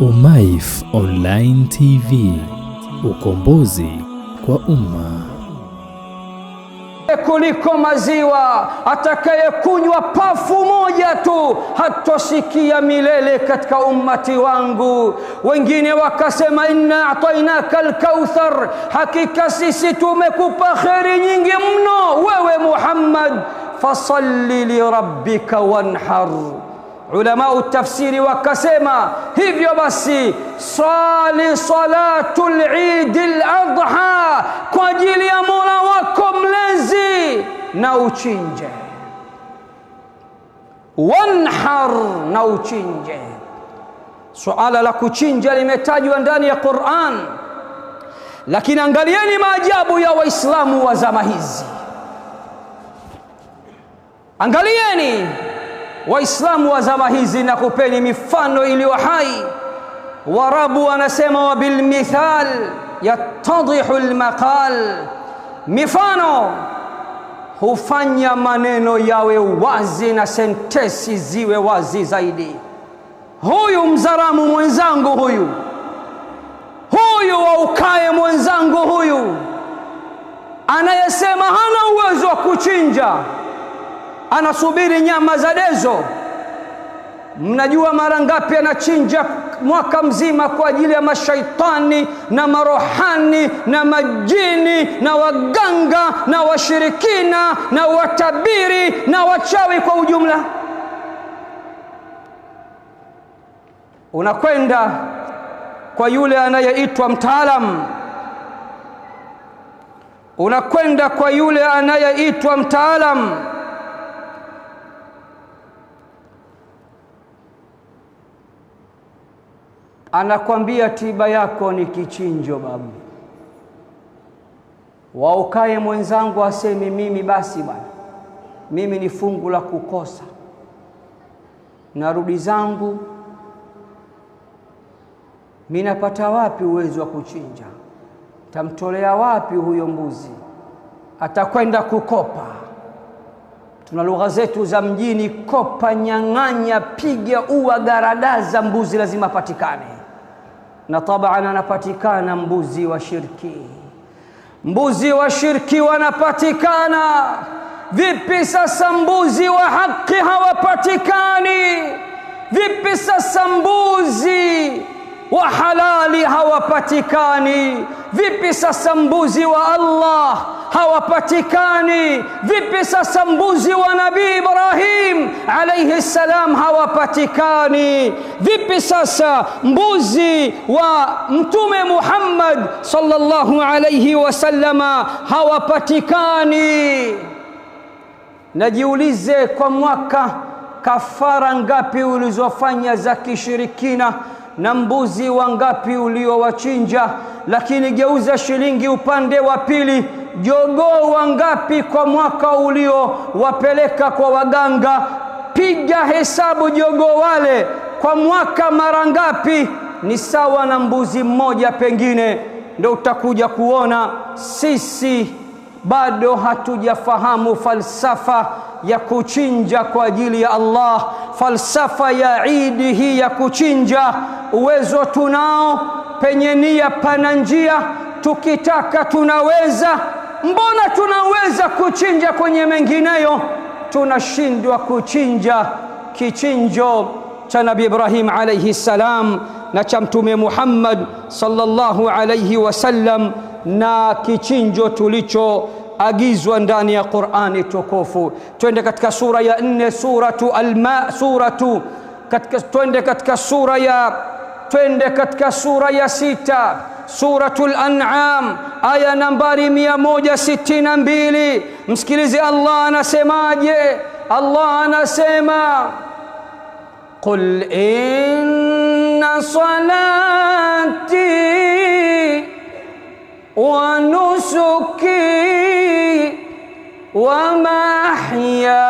UMAIF Online TV, ukombozi kwa umma. Kuliko maziwa, atakayekunywa pafu moja tu hatosikia milele katika ummati wangu. Wengine wakasema inna atainaka alkauthar, hakika sisi tumekupa kheri nyingi mno wewe Muhammad, fasalli lirabbika wanhar ulamau tafsiri wakasema, hivyo basi sali salatu lidi ladha kwa ajili ya Mola wako mlezi, na uchinje wanhar, na uchinje. Suala la kuchinja limetajwa ndani ya Qur'an, lakini angalieni maajabu ya Waislamu wa zama hizi, angalieni Waislamu wa zama hizi na kupeni mifano iliyo hai. Warabu wanasema wa bilmithal yattadihu lmaqal, mifano hufanya maneno yawe wazi na sentesi ziwe wazi zaidi. Huyu mzaramu mwenzangu huyu, huyu waukae mwenzangu huyu, anayesema hana uwezo wa kuchinja anasubiri nyama za dezo. Mnajua mara ngapi anachinja mwaka mzima kwa ajili ya mashaitani na marohani na majini na waganga na washirikina na watabiri na wachawi kwa ujumla. Unakwenda kwa yule anayeitwa mtaalamu, unakwenda kwa yule anayeitwa mtaalamu anakwambia tiba yako ni kichinjo babu. waukae mwenzangu aseme mimi basi bwana, mimi ni fungu la kukosa, narudi zangu, minapata wapi uwezo wa kuchinja? Tamtolea wapi huyo mbuzi? Atakwenda kukopa. Tuna lugha zetu za mjini, kopa, nyang'anya, piga, ua, garadaza, mbuzi lazima patikane. na taban anapatikana mbuzi wa shirki. Mbuzi wa shirki wanapatikana vipi? Sasa mbuzi wa haki hawapatikani vipi? Sasa mbuzi wa halali hawapatikani vipi? Sasa mbuzi wa Allah hawapatikani. Vipi sasa mbuzi wa Nabii Ibrahim alaihi ssalam hawapatikani? Vipi sasa mbuzi wa Mtume Muhammad sallallahu alaihi wasallama hawapatikani? Najiulize, kwa mwaka kafara ngapi ulizofanya za kishirikina na mbuzi wangapi uliowachinja? Lakini geuza shilingi upande wa pili jogoo wangapi kwa mwaka uliowapeleka kwa waganga? Piga hesabu jogoo wale kwa mwaka mara ngapi, ni sawa na mbuzi mmoja pengine. Ndio utakuja kuona sisi bado hatujafahamu falsafa ya kuchinja kwa ajili ya Allah, falsafa ya Idi hii ya kuchinja. Uwezo tunao, penye nia pana njia, tukitaka tunaweza mbona tunaweza kuchinja kwenye mengineyo, tunashindwa kuchinja kichinjo cha Nabii Ibrahim alayhi salam na cha Mtume Muhammad sallallahu alayhi wasallam na kichinjo tulichoagizwa ndani ya Qur'ani tukufu. Twende katika sura ya nne, suratu Alma, suratu katika, twende katika sura ya twende katika sura ya sita سورة الأنعام آية نمبر مية موجة ستين أمبيلي زي الله أنا نسيما الله أنا نسيما قل إن صلاتي ونسكي وما ومحياي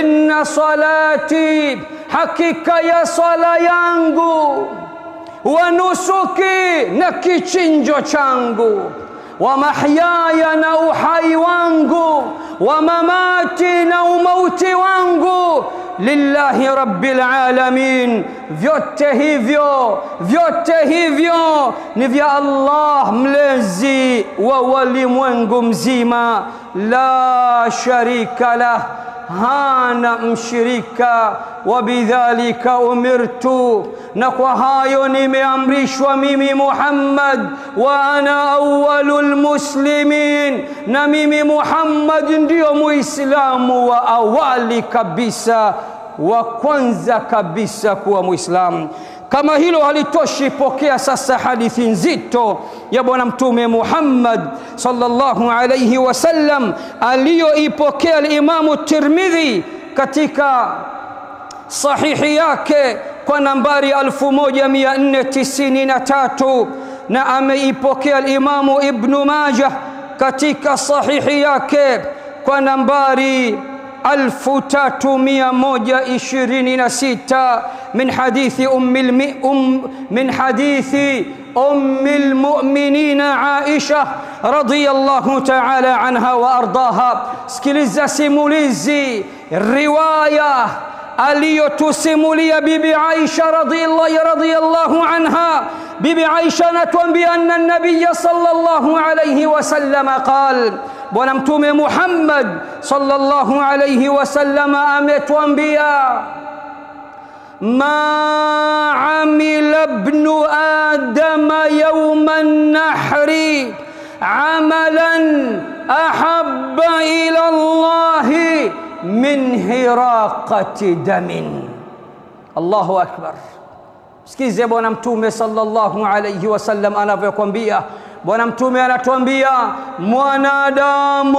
inna salati, hakika ya sala yangu Wanusuki na kichinjo changu wa mahyaya, na uhai wangu wa mamati, na umauti wangu lillahi rabbil alamin. Vyote hivyo, vyote hivyo ni vya Allah mlezi wa walimwengu mzima, la sharika lah هانا مشركا وبذلك امرت نقوى هايوني مامريش وميمي محمد وانا اول المسلمين نميمي محمد ديوم اسلام واوالي كبسا وكونزا كبسا كوى اسلام Kama hilo halitoshi, pokea sasa hadithi nzito ya Bwana Mtume Muhammad sallallahu alayhi wasallam aliyoipokea al-Imamu Tirmidhi katika sahihi yake kwa nambari 1493 na ameipokea al-Imamu Ibn Majah katika sahihi yake kwa nambari ألفُ تاتُ مئة موجَ من حديثِ أمِّ المؤم من حديثِ أمِّ المؤمنينَ عائشة رضي الله تعالى عنها وأرضاها سكيلزا سيموليزي الرواية أليو تسيمولي بيبي عائشة رضي الله رضي الله عنها بيبي عائشة نتوان بأن النبي صلى الله عليه وسلم قال Bwana Mtume Muhammad sallallahu alayhi wasallam ametuambia ma amila ibnu adama yawma nahri amalan ahabba ila Allahi min hiraqati damin. Allahu akbar. Sikize Bwana Mtume sallallahu alayhi wasallam anavyokwambia Bwana Mtume anatuambia mwanadamu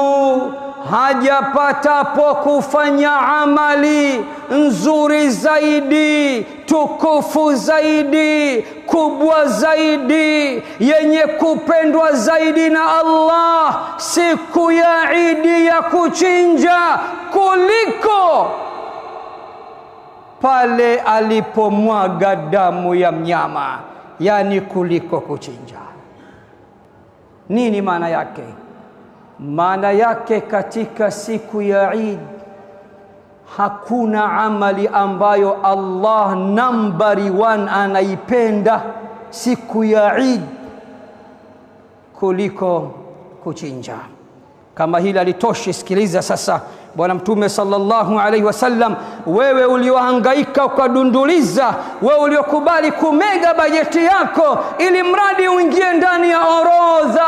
hajapatapo kufanya amali nzuri zaidi, tukufu zaidi, kubwa zaidi, yenye kupendwa zaidi na Allah siku ya Idi ya kuchinja kuliko pale alipomwaga damu ya mnyama, yani kuliko kuchinja. Nini maana yake? Maana yake katika siku ya Eid hakuna amali ambayo Allah nambari 1 anaipenda siku ya Eid kuliko kuchinja. Kama hili alitoshi, sikiliza sasa Bwana Mtume sallallahu alaihi wasallam, wewe uliohangaika ukadunduliza, wewe uliokubali kumega bajeti yako ili mradi uingie ndani ya orodha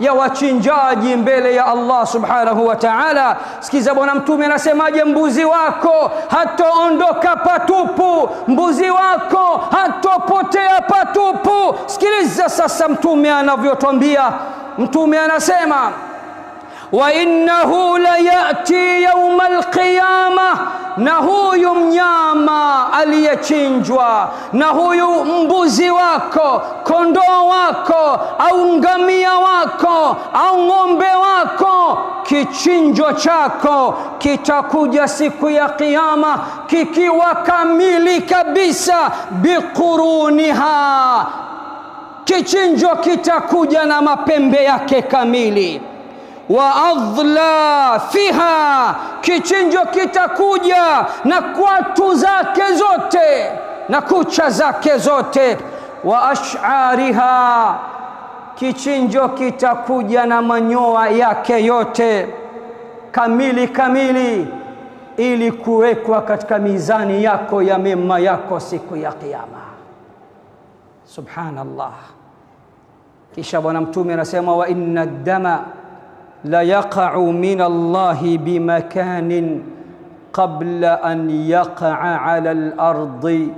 ya wachinjaji mbele ya Allah subhanahu wa ta'ala. Sikiza bwana mtume anasemaje, mbuzi wako hatoondoka patupu, mbuzi wako hatopotea patupu. Sikiliza sasa mtume anavyotwambia, mtume anasema wa innahu la yati yauma alqiyama, na huyu mnyama aliyechinjwa, na huyu mbuzi wako, kondoo wako, au ngamia wako, au ng'ombe wako, kichinjo chako kitakuja siku ya Kiyama kikiwa kamili kabisa, biquruniha, kichinjo kitakuja na mapembe yake kamili wa adla fiha, kichinjo kitakuja na kwatu zake zote na kucha zake zote. Wa ash'ariha, kichinjo kitakuja na manyoa yake yote kamili kamili, ili kuwekwa katika mizani yako ya mema yako siku ya Kiyama. Subhanallah. Kisha Bwana Mtume anasema wa inna dama ليقع من الله بمكان قبل أن يقع على الأرض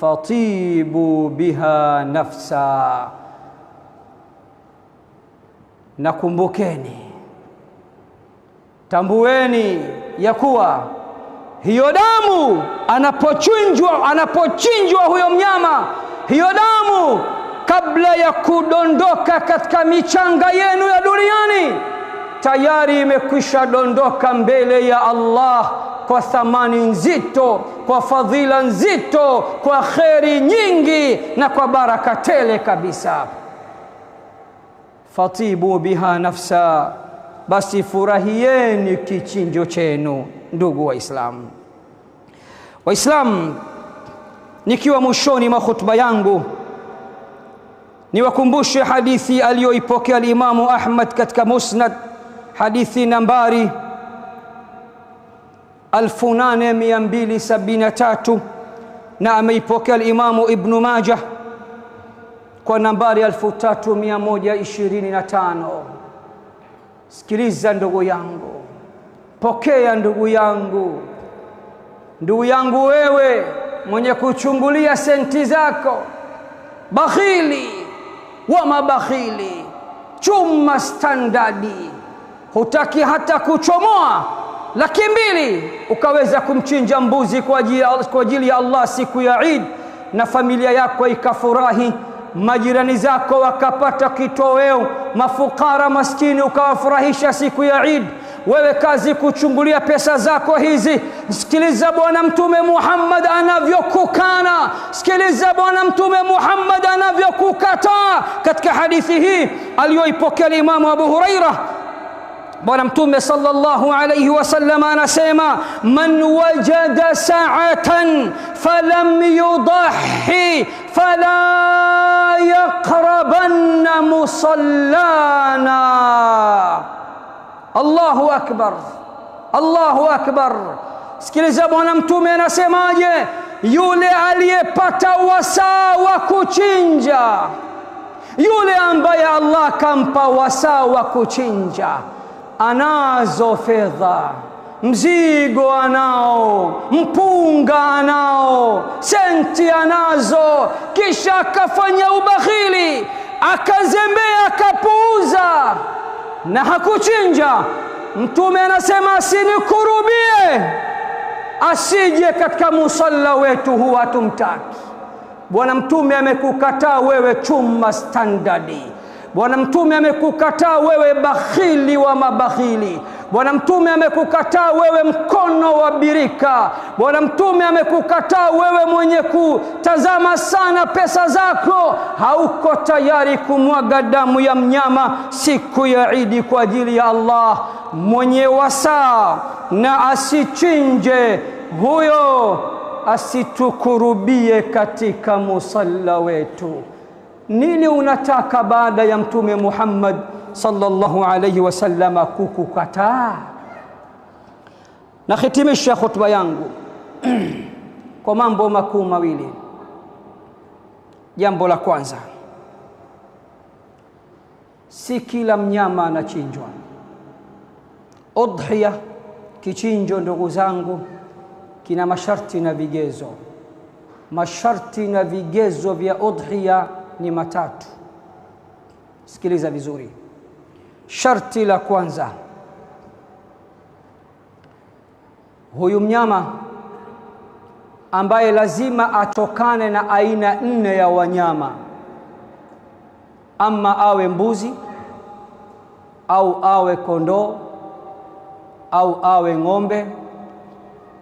فطيبوا بها نفسا na kumbukeni, tambueni ya kuwa hiyo damu anapochinjwa, anapochinjwa huyo mnyama, hiyo damu kabla ya kudondoka katika michanga yenu ya duniani tayari imekwisha dondoka mbele ya Allah kwa thamani nzito, kwa fadhila nzito, kwa kheri nyingi na kwa baraka tele kabisa. Fatibu biha nafsa, basi furahieni kichinjo chenu, ndugu Waislamu. Waislamu, nikiwa mwishoni mwa hutuba yangu niwakumbushe hadithi aliyoipokea Alimamu Ahmad katika Musnad Hadithi nambari 8273 na ameipokea alimamu Ibnu maja kwa nambari 3125. Sikiliza ndugu yangu, pokea ndugu yangu, ndugu yangu wewe mwenye kuchungulia senti zako, bakhili wa mabakhili, chuma standardi hutaki hata kuchomoa laki mbili ukaweza kumchinja mbuzi kwa ajili, ya Allah siku ya Eid na familia yako ikafurahi, majirani zako wakapata kitoweo, mafukara maskini ukawafurahisha siku ya Eid. Wewe kazi kuchungulia pesa zako hizi. Sikiliza Bwana Mtume Muhammad anavyokukana, sikiliza Bwana Mtume Muhammad anavyokukataa katika hadithi hii aliyoipokea Imamu Abu Huraira Bwana Mtume sallallahu alayhi wasallam anasema man wajada sa'atan falam yudahi fala yaqrabanna musallana Allahu akbar Allahu akbar Sikiliza Bwana Mtume anasemaje yule aliyepata wasaa wa kuchinja yule ambaye Allah kampa wasaa wa kuchinja anazo fedha, mzigo anao, mpunga anao, senti anazo, kisha akafanya ubakhili, akazembea, akapuuza na hakuchinja. Mtume anasema asinikurubie, asije katika musalla wetu huwa tumtaki. Bwana Mtume amekukataa wewe chuma standardi Bwana Mtume amekukataa wewe bakhili wa mabakhili. Bwana Mtume amekukataa wewe mkono wa birika. Bwana Mtume amekukataa wewe mwenye kutazama sana pesa zako, hauko tayari kumwaga damu ya mnyama siku ya Idi kwa ajili ya Allah. Mwenye wasaa na asichinje, huyo asitukurubie katika musalla wetu. Nini unataka baada ya Mtume Muhammad sallallahu alayhi wasallama kukukataa? Nahitimisha hotuba yangu kwa mambo makuu mawili. Jambo la kwanza, si kila mnyama anachinjwa. Udhiya, kichinjo, ndugu zangu, kina masharti na vigezo. Masharti na vigezo vya udhiya ni matatu. Sikiliza vizuri, sharti la kwanza, huyu mnyama ambaye lazima atokane na aina nne ya wanyama, ama awe mbuzi au awe kondoo au awe ng'ombe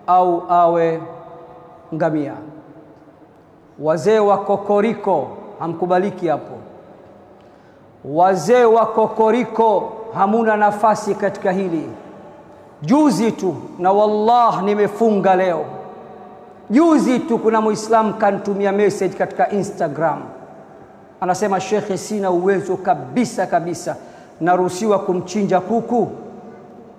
au awe ngamia. Wazee wa kokoriko hamkubaliki hapo. Wazee wa kokoriko, hamuna nafasi katika hili. Juzi tu na wallah, nimefunga leo. Juzi tu kuna muislamu kanitumia message katika Instagram, anasema shekhe, sina uwezo kabisa kabisa, naruhusiwa kumchinja kuku?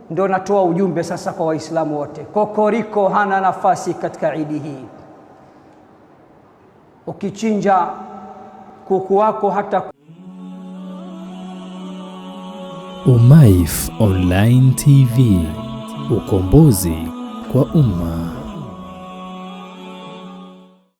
Ndo natoa ujumbe sasa kwa waislamu wote, kokoriko hana nafasi katika idi hii. Ukichinja kuku wako hata Umaif Online TV, ukombozi kwa umma.